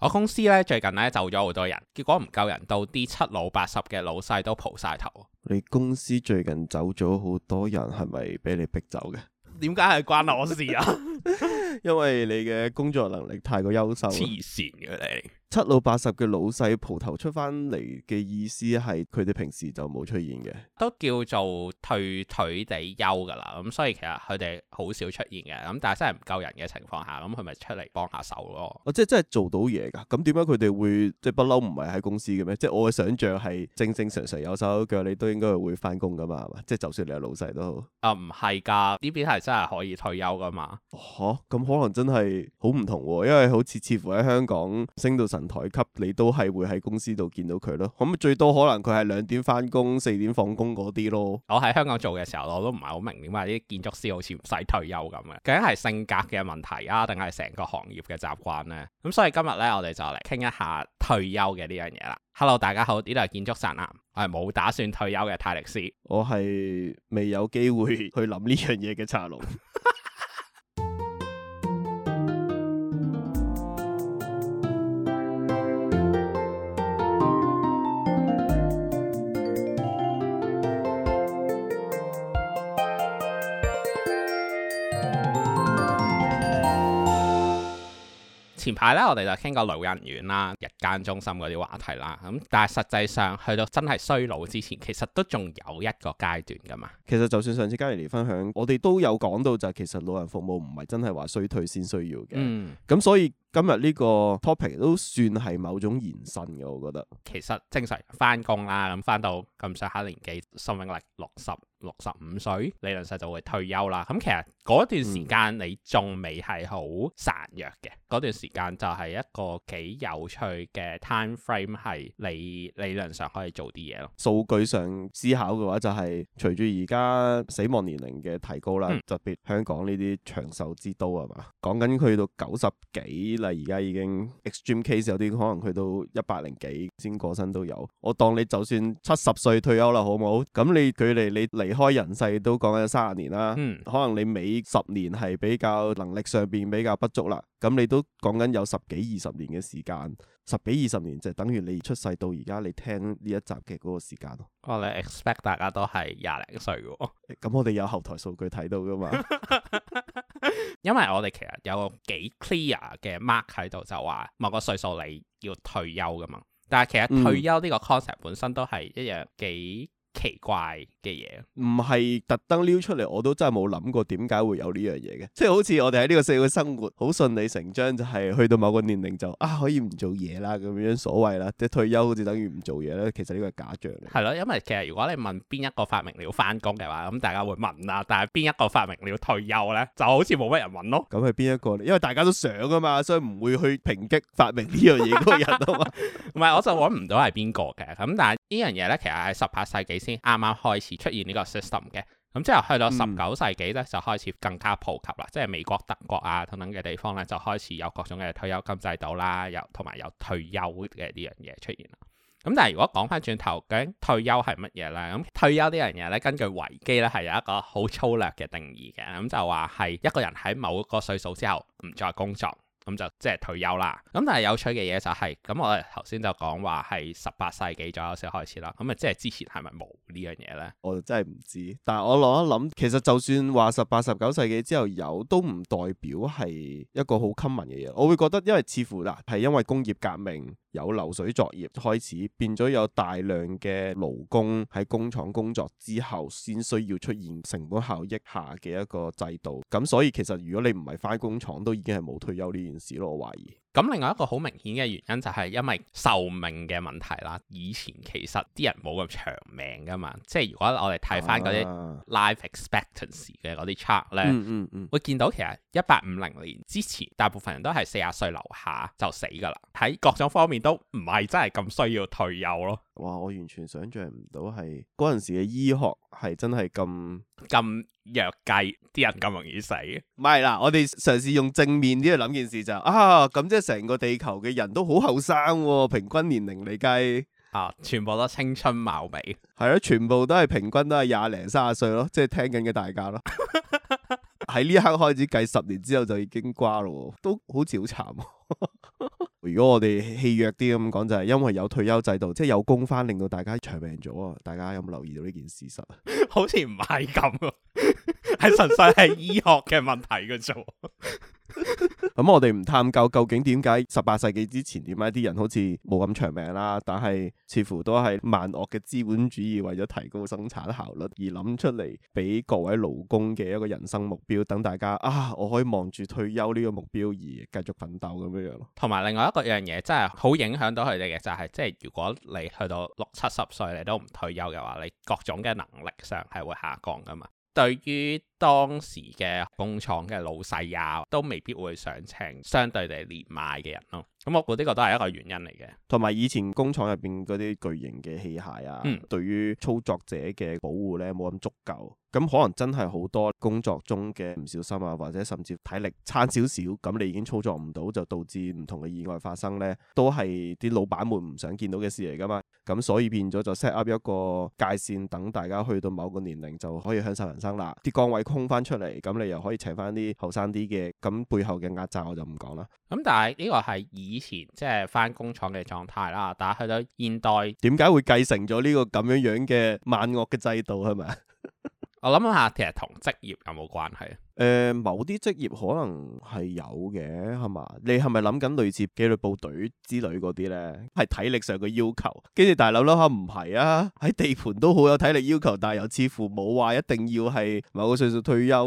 我公司咧最近咧走咗好多人，結果唔夠人，到啲七老八十嘅老細都蒲晒頭。你公司最近走咗好多人，係咪俾你逼走嘅？點解係關我事啊？ 因為你嘅工作能力太過優秀。黐線嘅你！七老八十嘅老細蒲頭出翻嚟嘅意思係佢哋平時就冇出現嘅，都叫做退退地休㗎喇。咁、嗯、所以其實佢哋好少出現嘅。咁、嗯、但係真係唔夠人嘅情況下，咁佢咪出嚟幫下手咯。哦、啊，即係真係做到嘢㗎。咁點解佢哋會即係不嬲唔係喺公司嘅咩？即係我嘅想像係正正常常有手有腳，你都應該會翻工㗎嘛。即係就算你係老細都好。啊，唔係㗎，呢邊係真係可以退休㗎嘛？哦、啊，咁可能真係好唔同喎、啊。因為好似似乎喺香港升到台級你都係會喺公司度見到佢咯，咁最多可能佢係兩點翻工，四點放工嗰啲咯。我喺香港做嘅時候，我都唔係好明點解啲建築師好似唔使退休咁嘅，究竟係性格嘅問題啊，定係成個行業嘅習慣呢？咁所以今日呢，我哋就嚟傾一下退休嘅呢樣嘢啦。Hello，大家好，呢度係建築宅男，我係冇打算退休嘅泰力斯，我係未有機會去諗呢樣嘢嘅茶盧。係啦、啊，我哋就傾個老人院啦、日間中心嗰啲話題啦。咁、嗯、但係實際上去到真係衰老之前，其實都仲有一個階段㗎嘛。其實就算上次嘉怡嚟分享，我哋都有講到就係其實老人服務唔係真係話衰退先需要嘅。咁、嗯、所以。今日呢個 topic 都算係某種延伸嘅，我覺得。其實正常翻工啦，咁翻到咁上下年紀，生命力六十六十五歲，理論上就會退休啦。咁其實嗰段時間你仲未係好孱弱嘅，嗰、嗯、段時間就係一個幾有趣嘅 time frame，係你理論上可以做啲嘢咯。數據上思考嘅話就係、是、隨住而家死亡年齡嘅提高啦，特別、嗯、香港呢啲長壽之都係嘛，講緊去到九十幾。嗱，而家已經 extreme case 有啲可能去到一百零幾先過身都有，我當你就算七十歲退休啦，好唔好？咁你距離你離開人世都講緊三十年啦，嗯、可能你尾十年係比較能力上邊比較不足啦。咁你都講緊有十幾二十年嘅時間，十幾二十年就等於你出世到而家、哦，你聽呢一集嘅嗰個時間咯。我哋 expect 大家都係廿零歲喎。咁我哋有後台數據睇到噶嘛？因為我哋其實有個幾 clear 嘅 mark 喺度，就話某個歲數你要退休噶嘛。但係其實退休呢個 concept 本身都係一樣幾奇怪。嘅嘢唔係特登撩出嚟，我都真係冇諗過點解會有呢樣嘢嘅，即係好似我哋喺呢個社會生活好順理成章，就係去到某個年齡就啊可以唔做嘢啦咁樣所謂啦，即係退休好似等於唔做嘢啦，其實呢個係假象。係咯，因為其實如果你問邊一個發明了返工嘅話，咁大家會問啊，但係邊一個發明了退休呢？就好似冇乜人問咯。咁係邊一個呢？因為大家都想㗎嘛，所以唔會去抨擊發明呢樣嘢嗰個人啊嘛。唔係， 我就揾唔到係邊個嘅。咁但係呢樣嘢呢，其實係十八世紀先啱啱開始。出現呢個 system 嘅，咁之後去到十九世紀咧，嗯、就開始更加普及啦，即係美國、德國啊等等嘅地方咧，就開始有各種嘅退休金制度啦，有同埋有，有退休嘅呢樣嘢出現啦。咁但係如果講翻轉頭，究竟退休係乜嘢咧？咁退休呢樣嘢咧，根據維基咧係有一個好粗略嘅定義嘅，咁就話係一個人喺某個歲數之後唔再工作。咁就即係退休啦。咁但係有趣嘅嘢就係，咁我頭先就講話係十八世紀左右先開始啦。咁啊，即係之前係咪冇呢樣嘢咧？我真係唔知。但係我諗一諗，其實就算話十八、十九世紀之後有，都唔代表係一個好 common 嘅嘢。我會覺得，因為似乎啦，係因為工業革命。由流水作業開始變咗有大量嘅勞工喺工廠工作之後，先需要出現成本效益下嘅一個制度。咁所以其實如果你唔係返工廠，都已經係冇退休呢件事咯，我懷疑。咁另外一個好明顯嘅原因就係因為壽命嘅問題啦，以前其實啲人冇咁長命噶嘛，即係如果我哋睇翻嗰啲 life expectancy 嘅嗰啲 chart 咧，啊嗯嗯嗯、會見到其實一八五零年之前大部分人都係四十歲樓下就死㗎啦，喺各種方面都唔係真係咁需要退休咯。哇！我完全想象唔到係嗰陣時嘅醫學係真係咁咁弱雞，啲人咁容易死。唔係啦，我哋嘗試用正面啲去諗件事就啊，咁即係成個地球嘅人都好後生，平均年齡嚟計啊，全部都青春貌美。係咯， 啊，全部都係平均都係廿零三十歲咯，即係聽緊嘅大家咯。喺 呢 一刻開始計，十年之後就已經瓜咯，都好似好慘。 如果我哋氣弱啲咁講，就係、是、因為有退休制度，即係有工返，令到大家長命咗啊！大家有冇留意到呢件事實？ 好似唔係咁，係純 粹係醫學嘅問題嘅啫。 咁、 嗯、我哋唔探究究竟點解十八世紀之前點解啲人好似冇咁長命啦，但係似乎都係萬惡嘅資本主義為咗提高生產效率而諗出嚟俾各位勞工嘅一個人生目標，等大家啊，我可以望住退休呢個目標而繼續奮鬥咁樣樣咯。同埋另外一個樣嘢，真係好影響到佢哋嘅就係，即係如果你去到六七十歲你都唔退休嘅話，你各種嘅能力上係會下降噶嘛。對於當時嘅工廠嘅老細啊，都未必會上請相對地年邁嘅人咯、啊。咁我估呢個都係一個原因嚟嘅。同埋以前工廠入邊嗰啲巨型嘅器械啊，嗯、對於操作者嘅保護咧冇咁足夠。咁可能真係好多工作中嘅唔小心啊，或者甚至體力差少少，咁你已經操作唔到，就導致唔同嘅意外發生咧，都係啲老闆們唔想見到嘅事嚟噶嘛。咁所以變咗就 set up 一個界線，等大家去到某個年齡就可以享受人生啦。啲崗位空翻出嚟，咁你又可以請翻啲後生啲嘅。咁背後嘅壓榨我就唔講啦。咁但係呢個係以前即係翻工廠嘅狀態啦。但係去到現代，點解會繼承咗呢個咁樣樣嘅萬惡嘅制度係咪？ 我諗下其實同職業有冇關係？誒、呃，某啲職業可能係有嘅，係嘛？你係咪諗緊類似紀律部隊之類嗰啲呢？係體力上嘅要求。跟住大佬啦，吓唔係啊？喺、啊、地盤都好有體力要求，但係又似乎冇話、啊、一定要係某個歲數退休、啊。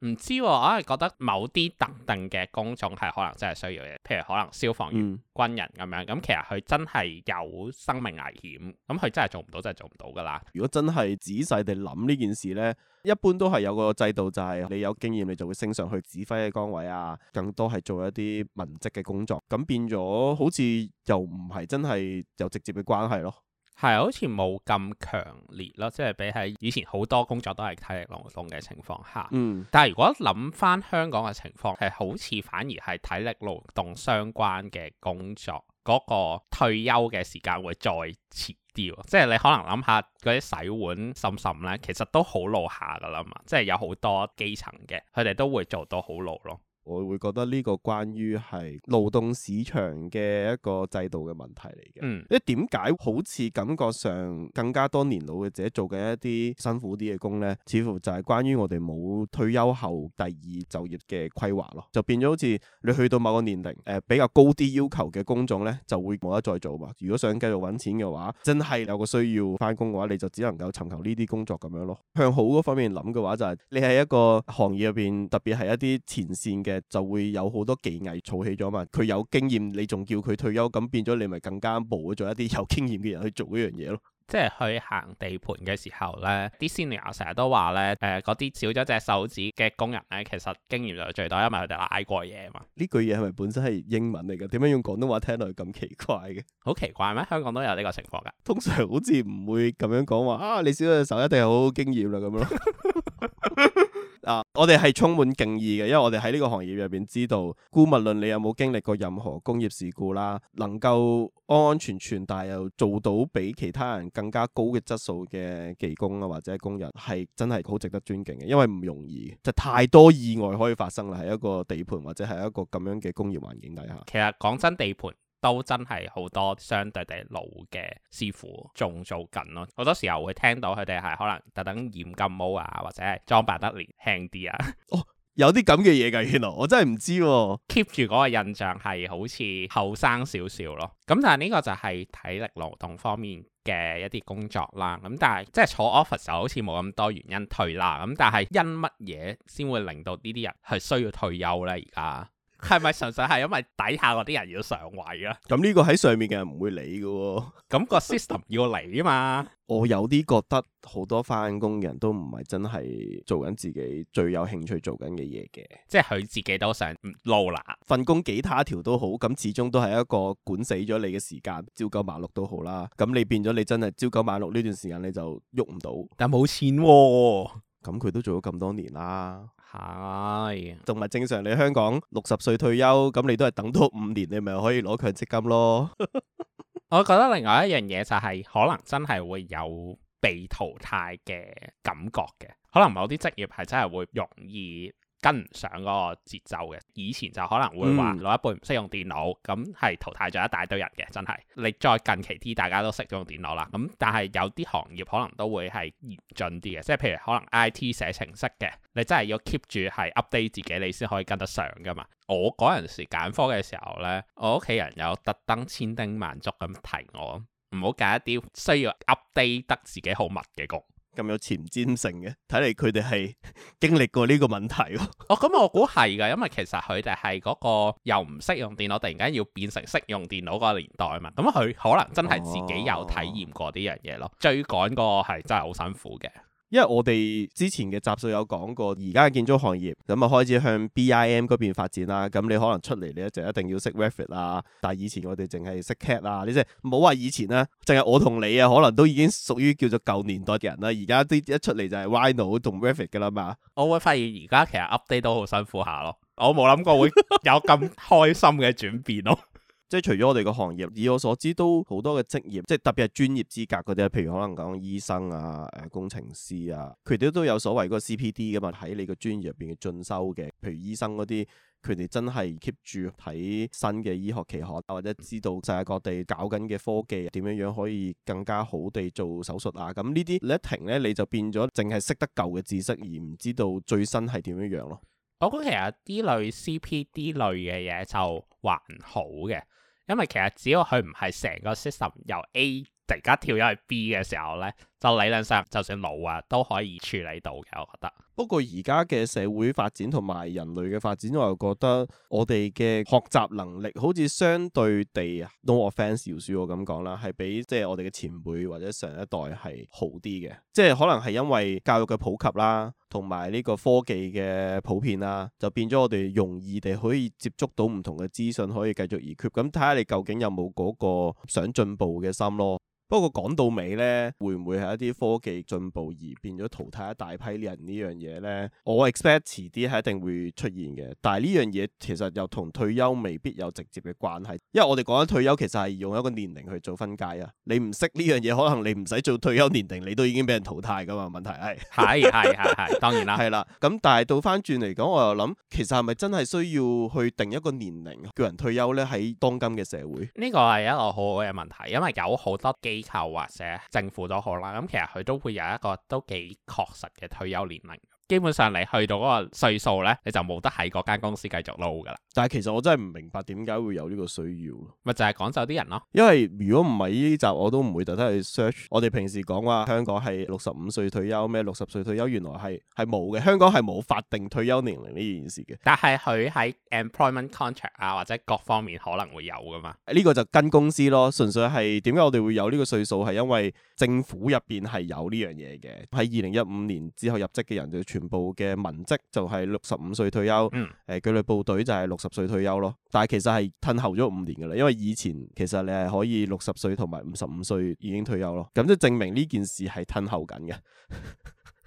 唔知、啊，我係覺得某啲特定嘅工種係可能真係需要嘅，譬如可能消防員、嗯、軍人咁樣。咁、嗯嗯、其實佢真係有生命危險，咁佢真係做唔到真係做唔到噶啦。如果真係仔細地諗呢件事呢。一般都係有個制度，就係你有經驗，你就會升上去指揮嘅崗位啊，更多係做一啲文職嘅工作。咁變咗好似又唔係真係有直接嘅關係咯。係，好似冇咁強烈咯，即係比起以前好多工作都係體力勞動嘅情況下。嗯，但係如果諗翻香港嘅情況，係好似反而係體力勞動相關嘅工作嗰個退休嘅時間會再遲。即係你可能諗下嗰啲洗碗、嬸嬸咧，其實都好老下噶啦嘛，即係有好多基層嘅，佢哋都會做到好老咯。我會覺得呢個關於係勞動市場嘅一個制度嘅問題嚟嘅，嗯，因為點解好似感覺上更加多年老嘅者做嘅一啲辛苦啲嘅工呢？似乎就係關於我哋冇退休後第二就業嘅規劃咯，就變咗好似你去到某個年齡，誒、呃、比較高啲要求嘅工種呢，就會冇得再做嘛。如果想繼續揾錢嘅話，真係有個需要返工嘅話，你就只能夠尋求呢啲工作咁樣咯。向好嗰方面諗嘅話，就是，就係你喺一個行業入邊，特別係一啲前線嘅。就會有好多技藝儲起咗嘛，佢有經驗，你仲叫佢退休，咁變咗你咪更加冇咗一啲有經驗嘅人去做呢樣嘢咯。即係去行地盤嘅時候咧，啲 senior 成日都話咧，誒嗰啲少咗隻手指嘅工人咧，其實經驗就最多，因為佢哋拉過嘢嘛。呢句嘢係咪本身係英文嚟㗎？點樣用廣東話聽落去咁奇怪嘅？好奇怪咩？香港都有呢個情況㗎。通常好似唔會咁樣講話啊，你少咗隻手一定好經驗啦咁樣咯。 啊！我哋係充滿敬意嘅，因為我哋喺呢個行業入邊知道，姑勿論你有冇經歷過任何工業事故啦，能夠安安全全，但又做到比其他人更加高嘅質素嘅技工啊，或者工人，係真係好值得尊敬嘅，因為唔容易，就是、太多意外可以發生啦。喺一個地盤或者係一個咁樣嘅工業環境底下，其實講真，地盤。都真係好多相對地老嘅師傅仲做緊咯，好多時候會聽到佢哋係可能特登染金毛啊，或者係裝扮得年輕啲啊。哦，有啲咁嘅嘢噶，原來，我真係唔知，keep 住嗰個印象係好似後生少少咯。咁但係呢個就係體力勞動方面嘅一啲工作啦。咁但係即係坐 office 就好似冇咁多原因退啦。咁但係因乜嘢先會令到呢啲人係需要退休呢？而家？係咪純粹係因為底下嗰啲人要上位啊？咁呢個喺上面嘅人唔會理嘅，咁個 system 要嚟啊嘛。我有啲覺得好多返工嘅人都唔係真係做緊自己最有興趣做緊嘅嘢嘅，即係佢自己都想撈啦。份工幾他條都好，咁始終都係一個管死咗你嘅時間，朝九晚六都好啦。咁你變咗你真係朝九晚六呢段時間你就喐唔到，但冇錢，咁佢都做咗咁多年啦。係，同埋正常你香港六十歲退休，咁你都係等多五年，你咪可以攞強積金咯。 我覺得另外一樣嘢就係，可能真係會有被淘汰嘅感覺嘅，可能某啲職業係真係會容易。跟唔上個節奏嘅，以前就可能會話老一輩唔識用電腦，咁係、嗯、淘汰咗一大堆人嘅，真係。你再近期啲，大家都識咗用電腦啦。咁但係有啲行業可能都會係嚴峻啲嘅，即係譬如可能 IT 寫程式嘅，你真係要 keep 住係 update 自己，你先可以跟得上㗎嘛。我嗰陣時揀科嘅時候呢，我屋企人有特登千叮萬囑咁提我，唔好揀一啲需要 update 得自己好密嘅工。咁有前瞻性嘅，睇嚟，佢哋係經歷過呢個問題咯。哦，咁、嗯、我估係噶因為其實佢哋係嗰個又唔識用電腦，突然間要變成識用電腦嗰個年代嘛。咁、嗯、佢、嗯、可能真係自己有體驗過呢樣嘢咯，追、哦、趕個係真係好辛苦嘅。因為我哋之前嘅集數有講過，而家嘅建築行業咁啊開始向 BIM 嗰邊發展啦，咁你可能出嚟，你一就一定要識 Revit 啊，但係以前我哋淨係識 CAD 啊，你即係唔好話以前啦，淨係我同你啊，可能都已經屬於叫做舊年代嘅人啦，而家啲一出嚟就係 Rhino 同 Revit 噶啦嘛，我會發現而家其實 update 都好辛苦下咯，我冇諗過會有咁開心嘅轉變咯。 即係除咗我哋個行業，以我所知都好多嘅職業，即係特別係專業資格嗰啲，譬如可能講醫生啊、誒、啊、工程師啊，佢哋都有所謂嗰個 CPD 噶嘛，喺你個專業入邊去進修嘅。譬如醫生嗰啲，佢哋真係 keep 住睇新嘅醫學期刊啊，或者知道世界各地搞緊嘅科技點樣樣可以更加好地做手術啊。咁呢啲你一停呢，你就變咗淨係識得舊嘅知識，而唔知道最新係點樣樣咯。我估其實啲類 CPD 類嘅嘢就還好嘅，因為其實只要佢唔係成個 system 由 A 突然間跳咗去 B 嘅時候咧。就理論上，就算老啊，都可以處理到嘅。我覺得，不過而家嘅社會發展同埋人類嘅發展，我又覺得我哋嘅學習能力好似相對地，no offence，少少我咁講啦，係比即係、就是、我哋嘅前輩或者上一代係好啲嘅。即、就、係、是、可能係因為教育嘅普及啦，同埋呢個科技嘅普遍啦，就變咗我哋容易地可以接觸到唔同嘅資訊，可以繼續而決。咁睇下你究竟有冇嗰個想進步嘅心咯。不過講到尾呢，會唔會係一啲科技進步而變咗淘汰一大批人呢樣嘢呢？我 expect 遲啲係一定會出現嘅。但係呢樣嘢其實又同退休未必有直接嘅關係，因為我哋講緊退休其實係用一個年齡去做分界啊。你唔識呢樣嘢，可能你唔使做退休年齡，你都已經俾人淘汰噶嘛。問題係係係係當然啦，係啦。 咁但係倒翻轉嚟講，我又諗，其實係咪真係需要去定一個年齡叫人退休呢？喺當今嘅社會，呢個係一個好好嘅問題，因為有好多機構或者政府都好啦，咁其實，佢都會有一個都幾確實嘅退休年齡。基本上你去到嗰個歲數咧，你就冇得喺嗰間公司繼續撈噶啦。但係其實我真係唔明白點解會有呢個需要，咪就係講就啲人咯。因為如果唔係呢集，我都唔會特登去 search。我哋平時講話香港係六十五歲退休咩，六十歲退休，原來係係冇嘅。香港係冇法定退休年齡呢件事嘅。但係佢喺 employment contract 啊或者各方面可能會有噶嘛。呢個就跟公司咯，純粹係點解我哋會有呢個歲數係因為政府入邊係有呢樣嘢嘅。喺二零一五年之後入職嘅人全部嘅文職就係六十五歲退休，誒、嗯，紀律、呃、部隊就係六十歲退休咯。但係其實係褪後咗五年噶啦，因為以前其實你係可以六十歲同埋五十五歲已經退休咯。咁即係證明呢件事係褪後緊嘅。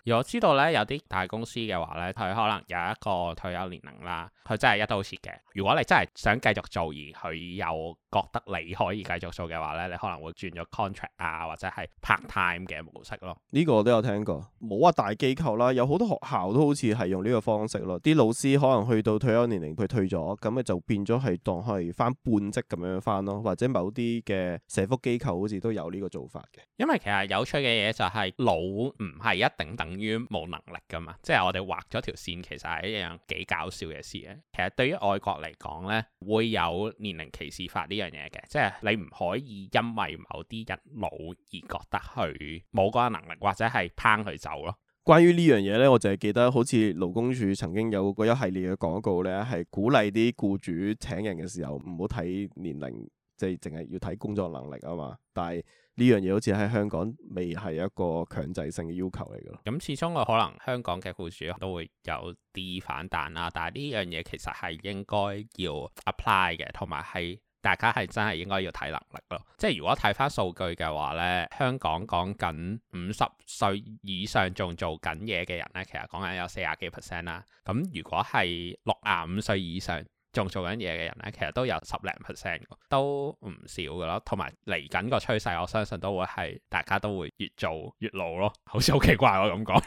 如果知道咧，有啲大公司嘅話咧，佢可能有一個退休年齡啦，佢真係一刀切嘅。如果你真係想繼續做，而佢又覺得你可以繼續做嘅話咧，你可能會轉咗 contract 啊，或者係 part time 嘅模式咯。呢個我都有聽過，冇啊。大機構啦，有好多學校都好似係用呢個方式咯。啲老師可能去到退休年齡佢退咗，咁咪就變咗係當係返半職咁樣返咯，或者某啲嘅社福機構好似都有呢個做法嘅。因為其實有趣嘅嘢就係老唔係一定等等於冇能力噶嘛，即係我哋畫咗條線，其實係一樣幾搞笑嘅事嘅。其實對於外國嚟講咧，會有年齡歧視法呢樣嘢嘅，即係你唔可以因為某啲人老而覺得佢冇嗰個能力，或者係拚佢走咯。關於呢樣嘢咧，我就係記得好似勞工處曾經有過一系列嘅廣告咧，係鼓勵啲僱主請人嘅時候唔好睇年齡。即係淨係要睇工作能力啊嘛，但係呢樣嘢好似喺香港未係一個強制性嘅要求嚟嘅咯。咁始終我可能香港嘅雇主都會有啲反彈啦，但係呢樣嘢其實係應該要 apply 嘅，同埋係大家係真係應該要睇能力咯。即係如果睇翻數據嘅話咧，香港講緊五十歲以上仲做緊嘢嘅人咧，其實講緊有四十幾 percent 啦。咁如果係六十五歲以上，仲做緊嘢嘅人咧，其實都有十零 percent，都唔少噶咯。同埋嚟緊個趨勢，我相信都會係大家都會越做越老咯。好似好奇怪，我咁講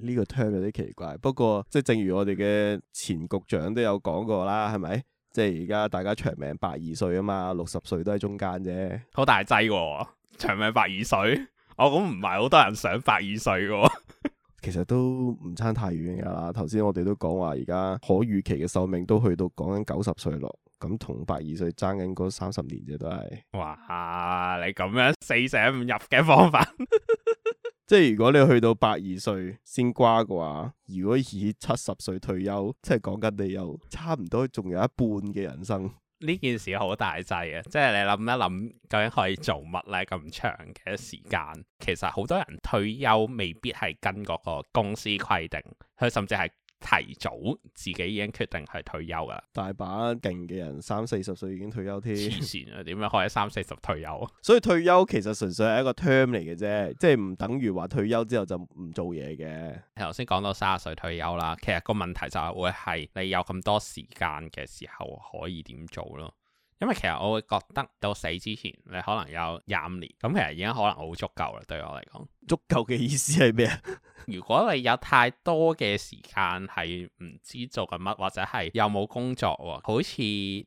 呢個聽有啲奇怪。不過即係正如我哋嘅前局長都有講過啦，係咪？即係而家大家長命百二歲啊嘛，六十歲都喺中間啫。好大劑㗎。哦，長命百二歲。我諗唔係好多人想百二歲嘅。 其實都唔差太遠噶啦，頭先我哋都講話而家可預期嘅壽命都去到講緊九十歲咯，咁同百二歲爭緊嗰三十年嘅都係。哇，你咁樣四捨五入嘅方法， 即係如果你去到百二歲先瓜嘅話，如果以七十歲退休，即係講緊你又差唔多仲有一半嘅人生。呢件事好大劑啊，即係你諗一諗究竟可以做乜咧？咁長嘅時間，其實好多人退休未必係跟嗰個公司規定，佢甚至係。提早自己已經決定係退休噶大把勁嘅人三四十歲已經退休添，黐線啊！點樣可以三四十退休？所以退休其實純粹係一個 term 嚟嘅啫，即係唔等於話退休之後就唔做嘢嘅。頭先講到三十歲退休啦，其實個問題就係會係你有咁多時間嘅時候可以點做咯。因為其實我會覺得到死之前，你可能有廿五年，咁其實已經可能好足夠啦。對我嚟講，足夠嘅意思係咩？ 如果你有太多嘅時間係唔知做緊乜，或者係有冇工作，好似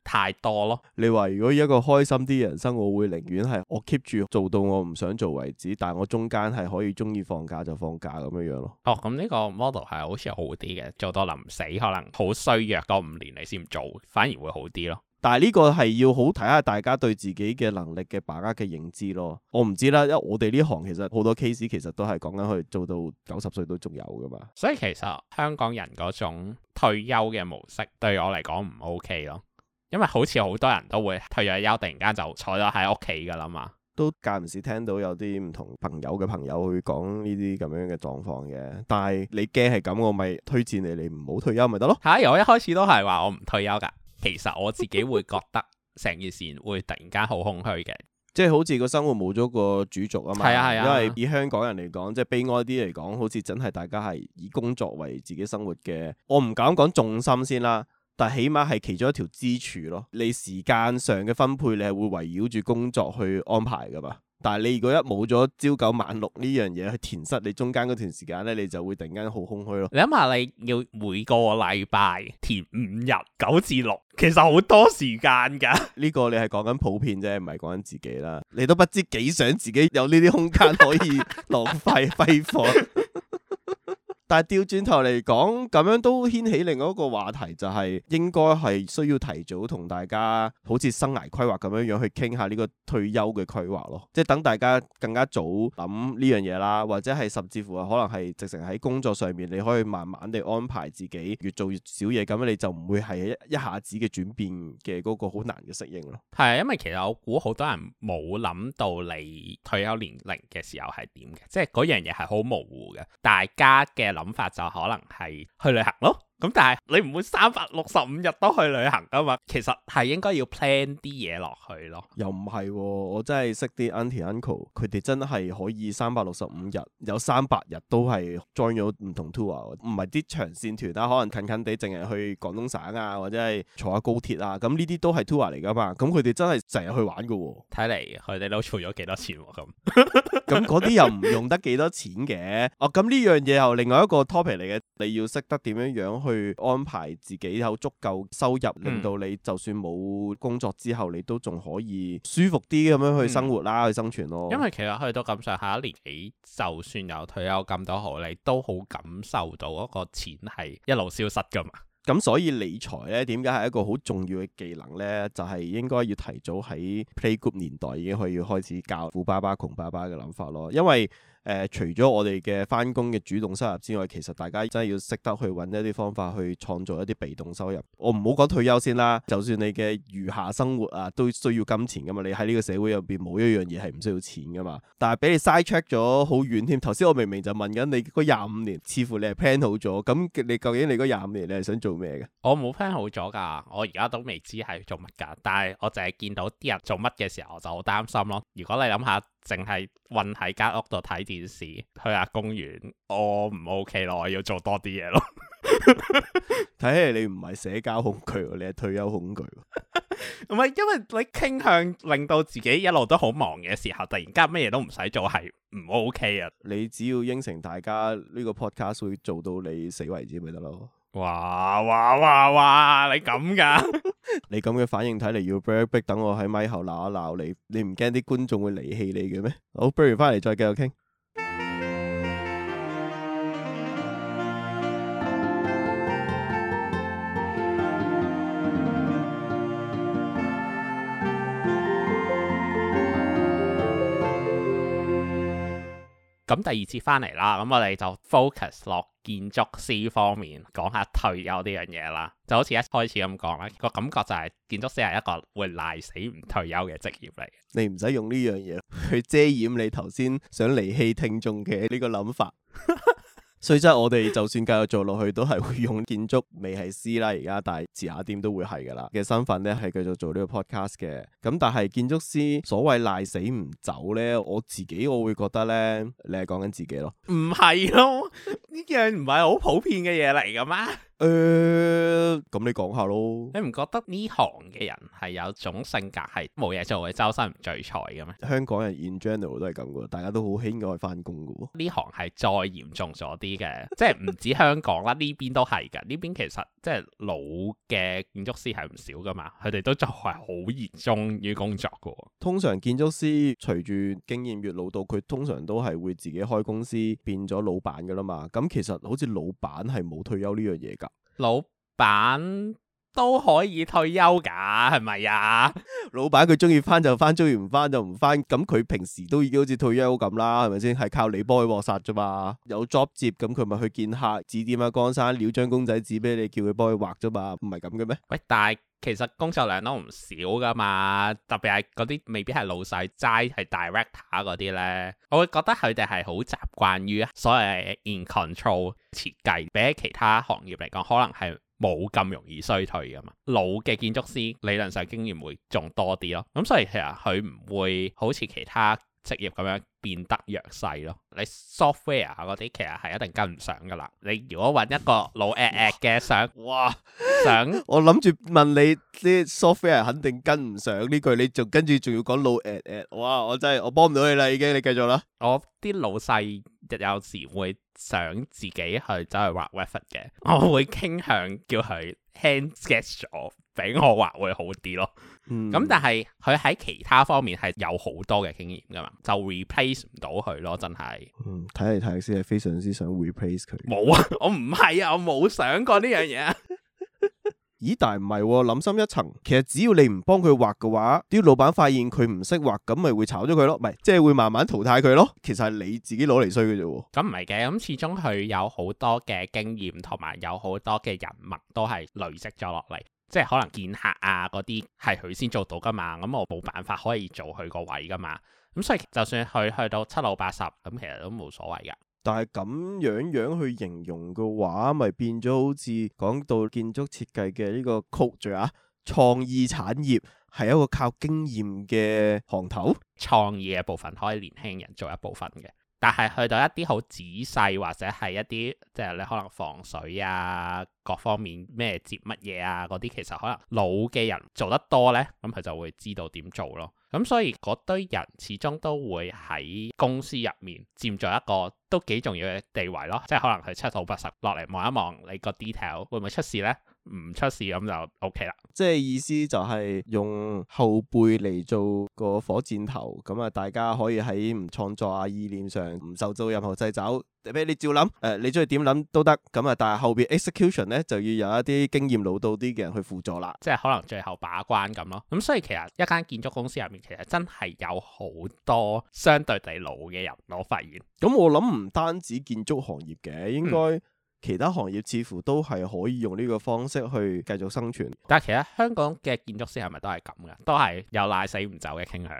太多咯。你話如果一個開心啲人生，我會寧願係我 keep 住做到我唔想做為止，但係我中間係可以中意放假就放假咁樣樣咯。哦，咁呢個 model 係好似好啲嘅，做到臨死可能好衰弱，嗰五年你先唔做，反而會好啲咯。但係呢個係要好睇下大家對自己嘅能力嘅把握嘅認知咯。我唔知啦，因為我哋呢行其實好多 case 其實都係講緊佢做到九十歲都仲有噶嘛。所以其實香港人嗰種退休嘅模式對我嚟講唔 OK 咯，因為好似好多人都會退咗休，突然間就坐咗喺屋企㗎啦嘛。都間唔時聽到有啲唔同朋友嘅朋友去講呢啲咁樣嘅狀況嘅，但係你驚係咁，我咪推薦你你唔好退休咪得咯。嚇、啊！我一開始都係話我唔退休㗎。其實我自己會覺得成件事會突然間好空虛嘅，即係好似個生活冇咗個主軸啊嘛。係啊係啊，啊因為以香港人嚟講，即係悲哀啲嚟講，好似真係大家係以工作為自己生活嘅。我唔敢講重心先啦，但起碼係其中一條支柱咯。你時間上嘅分配，你係會圍繞住工作去安排㗎嘛？但係你如果一冇咗朝九晚六呢樣嘢去填塞你中間嗰段時間咧，你就會突然間好空虛咯。你諗下你要每個禮拜填五日九至六，其實好多時間噶。呢個你係講緊普遍啫，唔係講緊自己啦。你都不知幾想自己有呢啲空間可以浪費揮霍。但係調轉頭嚟講，咁樣都掀起另外一個話題，就是，就係應該，係需要提早同大家好似生涯規劃咁樣樣去傾下呢個退休嘅規劃咯。即係等大家更加早諗呢樣嘢啦，或者係甚至乎可能係直情喺工作上面你可以慢慢地安排自己越做越少嘢，咁樣你就唔會，係一一下子嘅轉變嘅嗰個好難嘅適應咯。係啊，因為其實我估好多人冇諗到你退休年齡嘅時候係點嘅，即係嗰樣嘢係好模糊嘅，大家嘅。諗法就可能係去旅行咯。咁、嗯、但係你唔會三百六十五日都去旅行噶嘛？其實係應該要 plan 啲嘢落去咯。又唔係、哦，我真係識啲 auntie uncle，佢哋真係可以三百六十五日有三百日都係 join 咗唔同 tour，唔係啲長線團啦，可能近近地淨係去廣東省啊，或者係坐下高鐵啊，咁呢啲都係 tour 嚟噶嘛。咁佢哋真係成日去玩噶、哦。睇嚟、啊，佢哋都儲咗幾多錢咁，咁嗰啲又唔用得幾多錢嘅。哦、啊，咁呢、啊嗯、樣嘢又另外一個 topic 嚟嘅，你要識得點樣樣。去安排自己有足夠收入，令到你就算冇工作之後，嗯、你都仲可以舒服啲咁樣去生活啦、啊，嗯、去生存咯、啊。因為其實去到咁上下一年紀就算有退休咁多好，你都好感受到嗰個錢係一路消失噶嘛。咁所以理財咧，點解係一個好重要嘅技能咧？就係、是、應該要提早喺 Playgroup 年代已經可以開始教富爸爸窮爸爸嘅諗法咯，因為。誒、呃，除咗我哋嘅翻工嘅主動收入之外，其實大家真係要識得去揾一啲方法去創造一啲被動收入。我唔好講退休先啦，就算你嘅餘下生活啊，都需要金錢噶嘛。你喺呢個社會入邊，冇一樣嘢係唔需要錢噶嘛。但係俾你 side track 咗好遠添。頭先我明明就問緊你嗰廿五年，似乎你係 plan 好咗。咁你究竟你嗰廿五年你係想做咩嘅？我冇 plan 好咗㗎，我而家都未知係做乜㗎。但係我淨係見到啲人做乜嘅時候，我就好擔心咯。如果你諗下。淨係困喺間屋度睇電視，去下公園，我唔 OK 咯，我要做多啲嘢咯。睇 嚟 你唔係社交恐懼啊，你係退休恐懼啊。唔係， 因為你傾向令到自己一路都好忙嘅時候，突然間乜嘢都唔使做，係唔 OK 啊！你只要應承大家呢個 podcast 會做到你死為止，咪得咯。哇哇哇哇！你咁噶？你咁嘅反應睇嚟要 break，等我喺咪後鬧一鬧你，你唔驚啲觀眾會離棄你嘅咩？好，break 完翻嚟再繼續傾。咁第二次翻嚟啦，咁我哋就 focus 落。建築師方面講下退休呢樣嘢啦，就好似一開始咁講啦，個感覺就係建築師係一個會賴死唔退休嘅職業嚟。你唔使用呢樣嘢去遮掩你頭先想離棄聽眾嘅呢個諗法。 所以即係我哋就算繼續做落去，都係會用建築未係師啦。而家但係遲下點都會係噶啦嘅身份咧，係繼續做個呢個 podcast 嘅。咁但係建築師所謂賴死唔走咧，我自己我會覺得咧，你係講緊自己咯，唔係咯？呢樣唔係好普遍嘅嘢嚟噶咩？誒，咁你講下咯。你唔覺得呢行嘅人係有種性格係冇嘢做嘅，周身唔聚財嘅咩？香港人寫 j o u r a l 都係咁噶，大家都好喜愛翻工噶。呢行係再嚴重咗啲嘅， 即係唔止香港啦，呢邊都係噶。呢邊其實即係老嘅建築師係唔少噶嘛，佢哋都就係好嚴衷於工作噶。通常建築師隨住經驗越老到，佢通常都係會自己開公司變咗老闆噶啦嘛。咁其實好似老闆係冇退休呢樣嘢噶。老闆。都可以退休噶，係咪啊？ 老闆佢中意返就返，中意唔返就唔返。咁佢平時都已經好似退休咁啦，係咪先？係靠你幫佢搏殺，啫嘛？有 job 接咁佢咪去見客指點啊江山了張公仔紙俾你，叫佢幫佢畫啫嘛？唔係咁嘅咩？喂，但係其實工作量都唔少噶嘛，特別係嗰啲未必係老細齋係 director 嗰啲咧，我會覺得佢哋係好習慣於所謂 in control 設計，比起其他行業嚟講可能係。冇咁容易衰退㗎嘛，老嘅建築師理論上經驗會仲多啲咯，咁所以其實佢唔會好似其他職業咁樣變得弱勢咯，你 software 嗰啲其實係一定跟唔上噶啦。你如果揾一個老 at at 嘅相，哇相，哇相 我諗住問你啲 software 肯定跟唔上呢句，你仲跟住仲要講老 at at，哇！我真係我幫唔到你啦已經，你繼續啦。我啲老細有時會想自己去走去，去畫 Revit 嘅，我會傾向叫佢 hand sketch 我俾我畫會好啲咯。咁、嗯、但係佢喺其他方面係有好多嘅經驗噶嘛，就 replace 唔到佢咯，真係。嗯，睇嚟睇去先係非常之想 replace 佢。冇啊, 啊，我唔係啊，我冇想過呢樣嘢啊。 咦？但係唔係諗深一層，其實只要你唔幫佢畫嘅話，啲老闆發現佢唔識畫，咁咪會炒咗佢咯？唔係，即係會慢慢淘汰佢咯。其實係你自己攞嚟衰嘅啫。咁唔係嘅，咁、嗯、始終佢有好多嘅經驗，同埋有好多嘅人脈都係累積咗落嚟。即係可能見客啊嗰啲係佢先做到噶嘛，咁我冇辦法可以做佢個位噶嘛，咁所以就算佢去到七老八十，咁其實都冇所謂噶。但係咁樣樣去形容嘅話，咪變咗好似講到建築設計嘅呢個曲聚啊，創意產業係一個靠經驗嘅行頭，創意嘅部分可以年輕人做一部分嘅。但係去到一啲好仔細，或者係一啲即係你可能防水啊，各方面咩接乜嘢啊嗰啲，其實可能老嘅人做得多呢，咁佢就會知道點做咯。咁所以嗰堆人始終都會喺公司入面佔在一個都幾重要嘅地位咯，即係可能佢七老八十落嚟望一望你個 detail 會唔會出事呢？唔出事咁就 O K 啦，即係意思就係用後輩嚟做個火箭頭，咁啊大家可以喺唔創作意念上唔受做任何掣肘，俾你照諗，誒、呃、你中意點諗都得，咁啊但係後邊 execution 咧，就要有一啲經驗老到啲嘅人去輔助啦，即係可能最後把關咁咯。咁所以其實一間建築公司入面其實真係有好多相對地老嘅人，我發現。咁我諗唔單止建築行業嘅，應該、嗯。其他行業似乎都係可以用呢個方式去繼續生存，但係其實香港嘅建築師係咪都係咁㗎？都係有賴死唔走嘅傾向。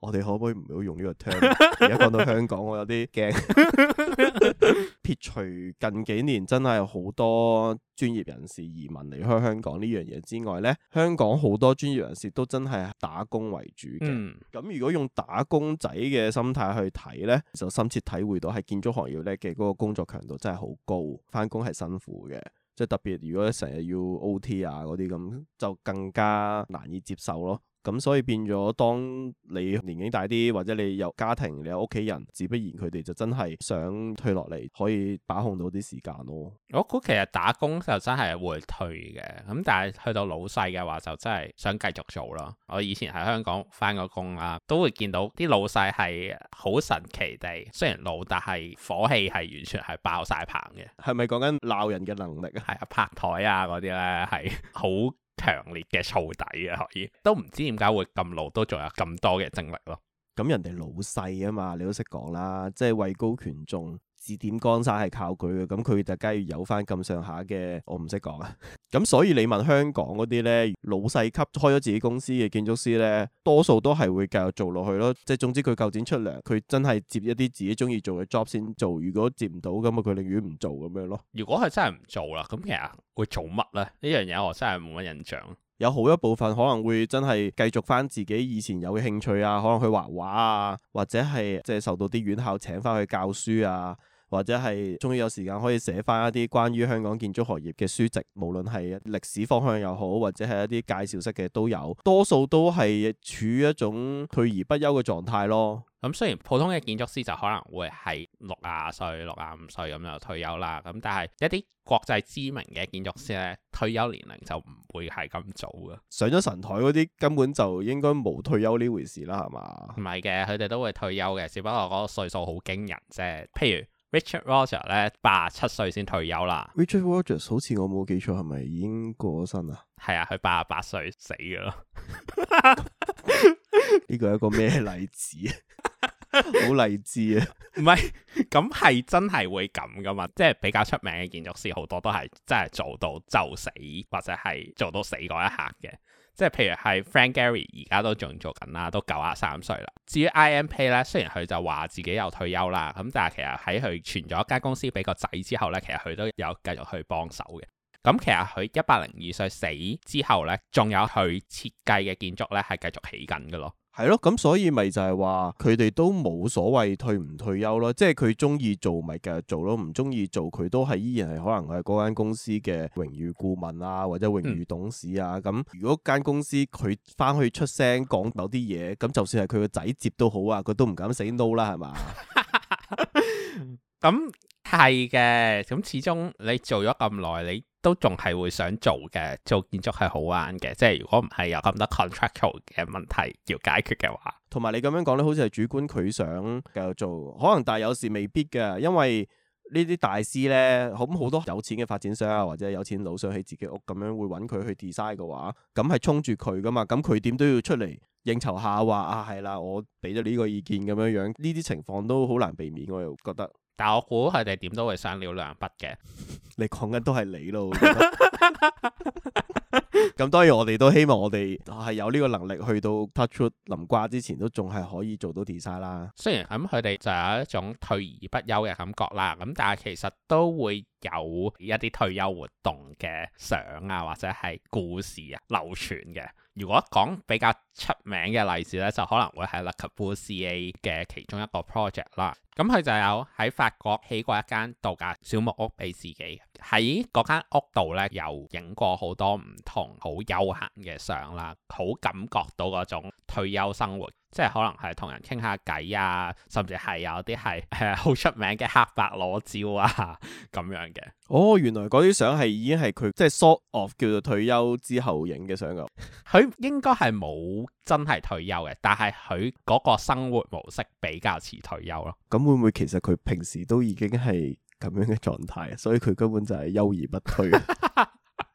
我哋可唔可以唔好用呢個 term？而家講到香港，我有啲驚。撇除近幾年真係好多專業人士移民離開香港呢樣嘢之外咧，香港好多專業人士都真係打工為主嘅。咁 如果用打工仔嘅心態去睇咧，就深切體會到喺建築行業咧嘅嗰個工作強度真係好高，翻工係辛苦嘅。即係特別如果成日要 OT 啊嗰啲咁，就更加難以接受咯。咁所以變咗，當你年紀大啲，或者你有家庭、你有屋企人，自不然佢哋就真係想退落嚟，可以把控到啲時間咯。我估其實打工就真係會退嘅，咁但係去到老細嘅話，就真係想繼續做咯。我以前喺香港返個工呀，都會見到啲老細係好神奇地，雖然老，但係火氣係完全係爆晒棚嘅。係咪講緊鬧人嘅能力啊？係啊，拍台啊嗰啲咧係好強烈嘅燥底啊，可以都唔知點解會咁老都仲有咁多嘅精力咯。咁人哋老細啊嘛，你都識講啦，即係位高權重。指點江山係靠佢嘅，咁佢就梗要有翻咁上下嘅，我唔識講啊。咁 所以你問香港嗰啲咧老細級開咗自己公司嘅建築師咧，多數都係會繼續做落去咯。即係總之佢夠錢出糧，佢真係接一啲自己中意做嘅 job 先做。如果接唔到，咁啊佢寧願唔做咁樣咯。如果係真係唔做啦，咁其實會做乜咧？呢樣嘢我真係冇乜印象。有好一部分可能會真係繼續翻自己以前有嘅興趣啊，可能去畫畫啊，或者係即係受到啲院校請翻去教書啊，或者係終於有時間可以寫翻一啲關於香港建築行業嘅書籍，無論係歷史方向又好，或者係一啲介紹式嘅都有，多數都係處於一種退而不休嘅狀態咯。咁、嗯、雖然普通嘅建築師就可能會係六啊歲、六啊五歲咁就退休啦，咁但係一啲國際知名嘅建築師咧，退休年齡就唔會係咁早嘅。上咗神台嗰啲根本就應該冇退休呢回事啦，係嘛？唔係嘅，佢哋都會退休嘅，只不過個歲數好驚人啫。譬如 Richard Rogers 咧，八十七歲先退休啦。Richard Rogers 好似我冇記錯，係咪已經過咗身啊？係啊，佢八十八歲死嘅咯。呢 個 係一個咩例子？好勵志啊！唔係咁係真係會咁噶嘛？即係比較出名嘅建築師好多都係真係做到就死，或者係做到死嗰一刻嘅。即係譬如係 Frank Gehry，而家都仲做緊啦，都九啊三歲啦。至於 I.M. Pei 咧，雖然佢就話自己有退休啦，咁但係其實喺佢傳咗一間公司俾個仔之後咧，其實佢都有繼續去幫手嘅。咁其實佢一百零二歲死之後咧，仲有佢設計嘅建築咧係繼續起緊嘅咯。係咯，咁所以咪就係話佢哋都冇所謂退唔退休咯，即係佢中意做咪繼續做咯，唔中意做佢都係依然係可能係嗰間公司嘅榮譽顧問啊或者榮譽董事啊，咁、嗯、如果間公司佢返去出聲講某啲嘢，咁就算係佢個仔接都好啊，佢都唔敢 say no 啦，係嘛？咁、 嗯。係嘅，咁始終你做咗咁耐，你都仲係會想做嘅。做建築係好玩嘅，即係如果唔係有咁多 contractual 嘅問題要解決嘅話。同埋你咁樣講咧，好似係主觀佢想繼續做，可能但係有時未必嘅，因為呢啲大師咧，咁好多有錢嘅發展商啊，或者有錢老尚喺自己屋咁樣會揾佢去 design 嘅話，咁係衝住佢噶嘛，咁佢點都要出嚟應酬下話啊，係啦，我俾咗你呢個意見咁樣樣，呢啲情況都好難避免，我又覺得。但我估佢哋點都會上了兩筆嘅，你講緊都係你咯。 咁 當然我哋都希望我哋係有呢個能力去到 touch wood 臨瓜之前都仲係可以做到 design 啦。雖然咁佢哋就有一種退而不休嘅感覺啦，咁、嗯、但係其實都會有一啲退休活動嘅相啊或者係故事啊流傳嘅。如果講比較出名嘅例子咧，就可能會係 Le Corbusier 嘅其中一個 project 啦。咁、嗯、佢就有喺法國起過一間度假小木屋俾自己，喺嗰間屋度咧又影過好多唔。同好休閒嘅相啦，好感覺到嗰種退休生活，即係可能係同人傾下偈啊，甚至係有啲係係好出名嘅黑白裸照啊咁樣嘅。哦，原來嗰啲相係已經係佢即係 sort of 叫做退休之後影嘅相噶。佢應該係冇真係退休嘅，但係佢嗰個生活模式比較似退休咯。咁會唔會其實佢平時都已經係咁樣嘅狀態？所以佢根本就係休而不退。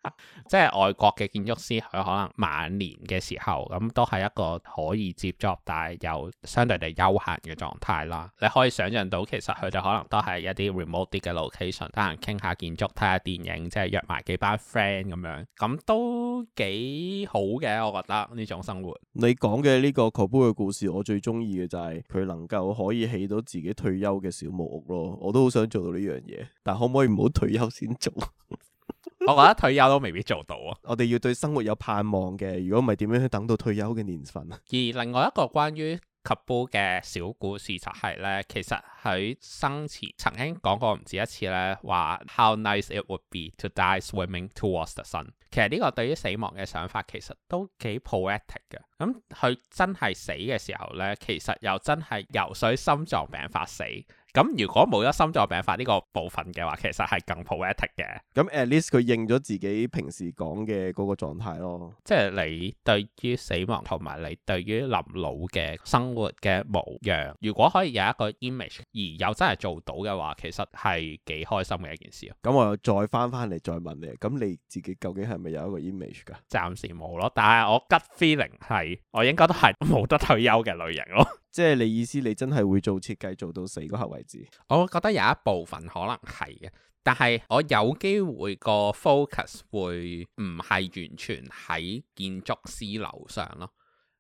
即係外國嘅建築師，佢可能晚年嘅時候咁，都係一個可以接 job 但係又相對地休閒嘅狀態啦。你可以想象到，其實佢哋可能都係一啲 remote 啲嘅 location，得閒傾下建築，睇下電影，即係約埋幾班 friend 咁樣，咁都幾好嘅。我覺得呢種生活，你講嘅呢個 Corbu 嘅故事，我最中意嘅就係、是、佢能夠可以起到自己退休嘅小木屋咯。我都好想做到呢樣嘢，但可唔可以唔好退休先做？ 我覺得退休都未必做到啊！我哋要對生活有盼望嘅，如果唔係點樣去等到退休嘅年份啊？而另外一個關於 Corbu 嘅小故事就係咧，其實喺生前曾經講過唔止一次咧，話 How nice it would be to die swimming towards the sun。其實呢個對於死亡嘅想法其實都幾 poetic 嘅。咁、嗯、佢真係死嘅時候咧，其實又真係游水心臟病發死。咁如果冇咗心臟病發呢個部分嘅話，其實係更 poetic 嘅。咁 at least 佢認咗自己平時講嘅嗰個狀態咯。即係你對於死亡同埋你對於臨老嘅生活嘅模樣，如果可以有一個 image 而又真係做到嘅話，其實係幾開心嘅一件事咯。咁我再翻翻嚟再問你，咁你自己究竟係咪有一個 image 噶？暫時冇咯，但係我吉 feeling 係我應該都係冇得退休嘅類型咯。即係你意思，你真係會做設計做到死嗰刻為止？我覺得有一部分可能係嘅，但係我有機會個 focus 會唔係完全喺建築師樓上咯。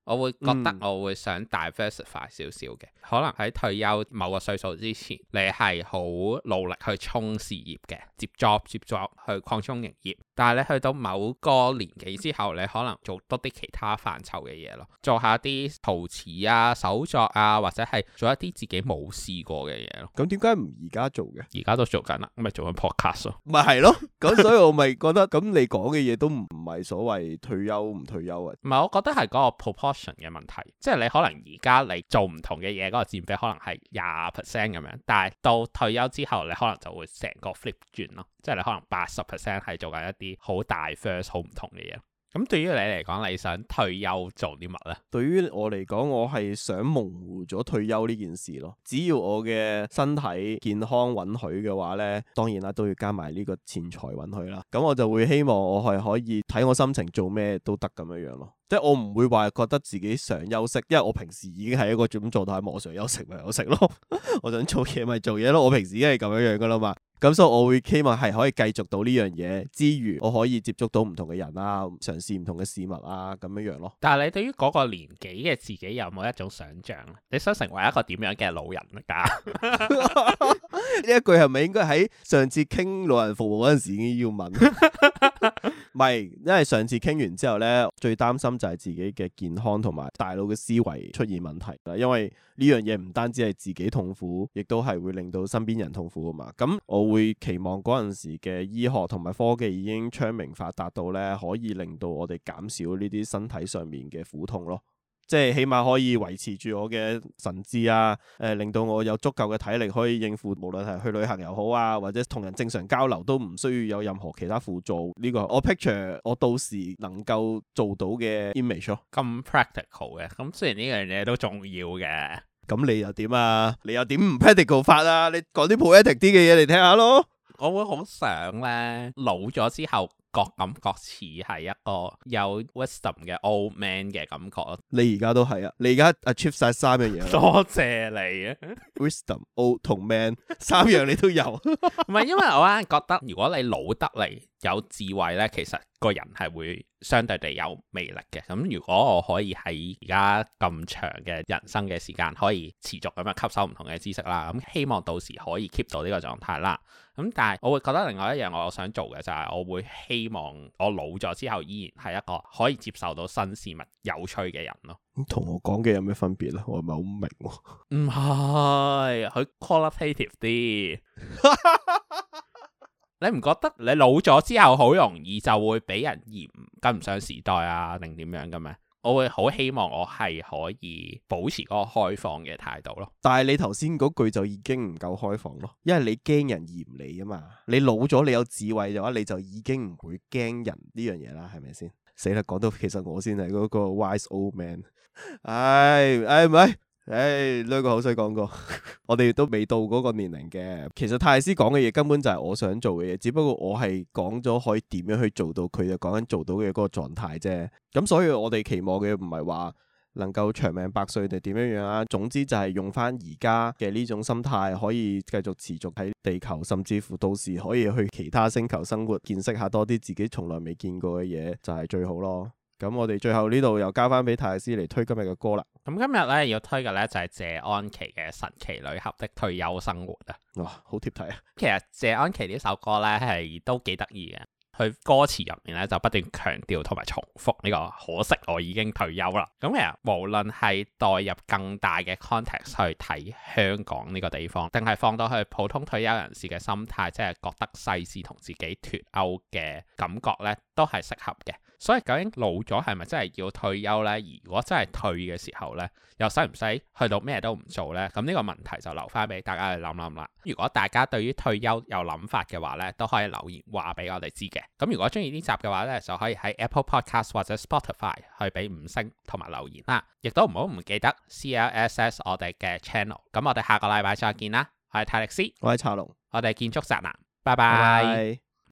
我會覺得我會想 diversify 少少嘅，嗯、可能喺退休某個歲數之前，你係好努力去衝事業嘅，接 job 接 job 去擴充營業。但係你去到某個年紀之後，你可能做多啲其他範疇嘅嘢咯，做下啲陶瓷啊、手作啊，或者係做一啲自己冇試過嘅嘢咯。咁點解唔而家做嘅？而家都做緊啦，咪做緊 podcast 咯。咪係咯，咁所以我咪覺得，咁 你講嘅嘢都唔係所謂退休唔退休啊。唔係，我覺得係嗰個 proportion 嘅問題，即係你可能而家你做唔同嘅嘢，嗰個佔比可能係廿 percent 咁樣，但係到退休之後，你可能就會成個 flip 轉咯，即係你可能八十 percent 係做緊一。好大 first 好唔同嘅嘢，咁對於你嚟講，你想退休做啲乜咧？對於我嚟講，我係想模糊咗退休呢件事咯。只要我嘅身體健康允許嘅話咧，當然啦，都要加埋呢個錢財允許啦。咁我就會希望我係可以睇我心情做咩都得咁樣樣咯。即係我唔會話覺得自己想休息，因為我平時已經係一個呢種狀態，我想休息咪休息咯， 我想做嘢咪做嘢咯。我平時已經係咁樣樣噶啦嘛。咁所以，我會希望係可以繼續到呢樣嘢之餘，我可以接觸到唔同嘅人啦、啊，嘗試唔同嘅事物啊，咁樣樣咯。但係你對於嗰個年紀嘅自己有冇一種想像？你想成為一個點樣嘅老人啊？呢 一句係咪應該喺上次傾老人服務嗰陣時已經要問？ 唔係，因為上次傾完之後咧，最擔心就係自己嘅健康同埋大腦嘅思維出現問題啦。因為呢樣嘢唔單止係自己痛苦，亦都係會令到身邊人痛苦啊嘛。咁我會期望嗰陣時嘅醫學同埋科技已經昌明發達到咧，可以令到我哋減少呢啲身體上面嘅苦痛咯。即係起碼可以維持住我嘅神智啊，誒、呃，令到我有足夠嘅體力可以應付，無論係去旅行又好啊，或者同人正常交流都唔需要有任何其他輔助。呢、這個我 picture 我到時能夠做到嘅 image 咯、啊。咁 practical 嘅、啊，咁雖然呢樣嘢都重要嘅，咁你又點啊？你又點唔 practical 法啊？你講啲 poetic 啲嘅嘢嚟聽下咯。我會好想咧、啊，老咗之後。各感覺似係一個有 wisdom 嘅 old man 嘅感覺，你而家都係啊！你而家 achieve 晒三樣嘢， 多謝你啊！wisdom、 Wis dom, old 同 man 三樣你都有。唔 係因為我啱、啊、 覺得，如果你老得嚟有智慧咧，其實。個人係會相對地有魅力嘅，咁如果我可以喺而家咁長嘅人生嘅時間，可以持續咁樣吸收唔同嘅知識啦，咁希望到時可以 keep 到呢個狀態啦。咁但係我會覺得另外一樣我想做嘅就係，我會希望我老咗之後依然係一個可以接受到新事物、有趣嘅人咯。同我講嘅有咩分別咧？我係咪好唔明？啊？唔係，佢 qualitative 啲。 你唔覺得你老咗之後好容易就會俾人嫌跟唔上時代啊，定點樣嘅咩？我會好希望我係可以保持嗰個開放嘅態度咯。但係你頭先嗰句就已經唔夠開放咯，因為你驚人嫌你啊嘛。你老咗，你有智慧嘅話，你就已經唔會驚人呢樣嘢啦，係咪先？死啦，講到其實我先係嗰個 wise old man，唉唉唔係。哎哎唉，攞、哎、個口水講過， 我哋都未到嗰個年齡嘅。其實泰斯講嘅嘢根本就係我想做嘅嘢，只不過我係講咗可以點樣去做到佢，就講緊做到嘅嗰個狀態啫。咁所以我哋期望嘅唔係話能夠長命百歲定點樣樣啊。總之就係用翻而家嘅呢種心態，可以繼續持續喺地球，甚至乎到時可以去其他星球生活，見識下多啲自己從來未見過嘅嘢，就係、是、最好咯。咁我哋最後呢度又交翻俾泰斯嚟推今日嘅歌啦。咁今日咧要推嘅咧就係、是、謝安琪嘅《神奇女俠的退休生活》啊！哇，好貼題啊！其實謝安琪呢首歌咧係都幾得意嘅，佢歌詞入面咧就不斷強調同埋重複呢個可惜我已經退休啦。咁其實無論係代入更大嘅 context 去睇香港呢個地方，定係放到去普通退休人士嘅心態，即、就、係、是、覺得世事同自己脫歐嘅感覺咧，都係適合嘅。所以究竟老咗係咪真係要退休呢？而如果真係退嘅時候呢，又使唔使去到咩都唔做呢？咁呢個問題就留翻俾大家去諗諗啦。如果大家對於退休有諗法嘅話呢，都可以留言話俾我哋知嘅。咁如果中意呢集嘅話呢，就可以喺 Apple Podcast 或者 Spotify 去俾五星同埋留言啦。亦都唔好唔記得 CLSS 我哋嘅 channel。咁我哋下個禮拜再見啦。我係泰力斯，我係茶龍，我哋建築宅男，拜拜。Bye bye bye bye.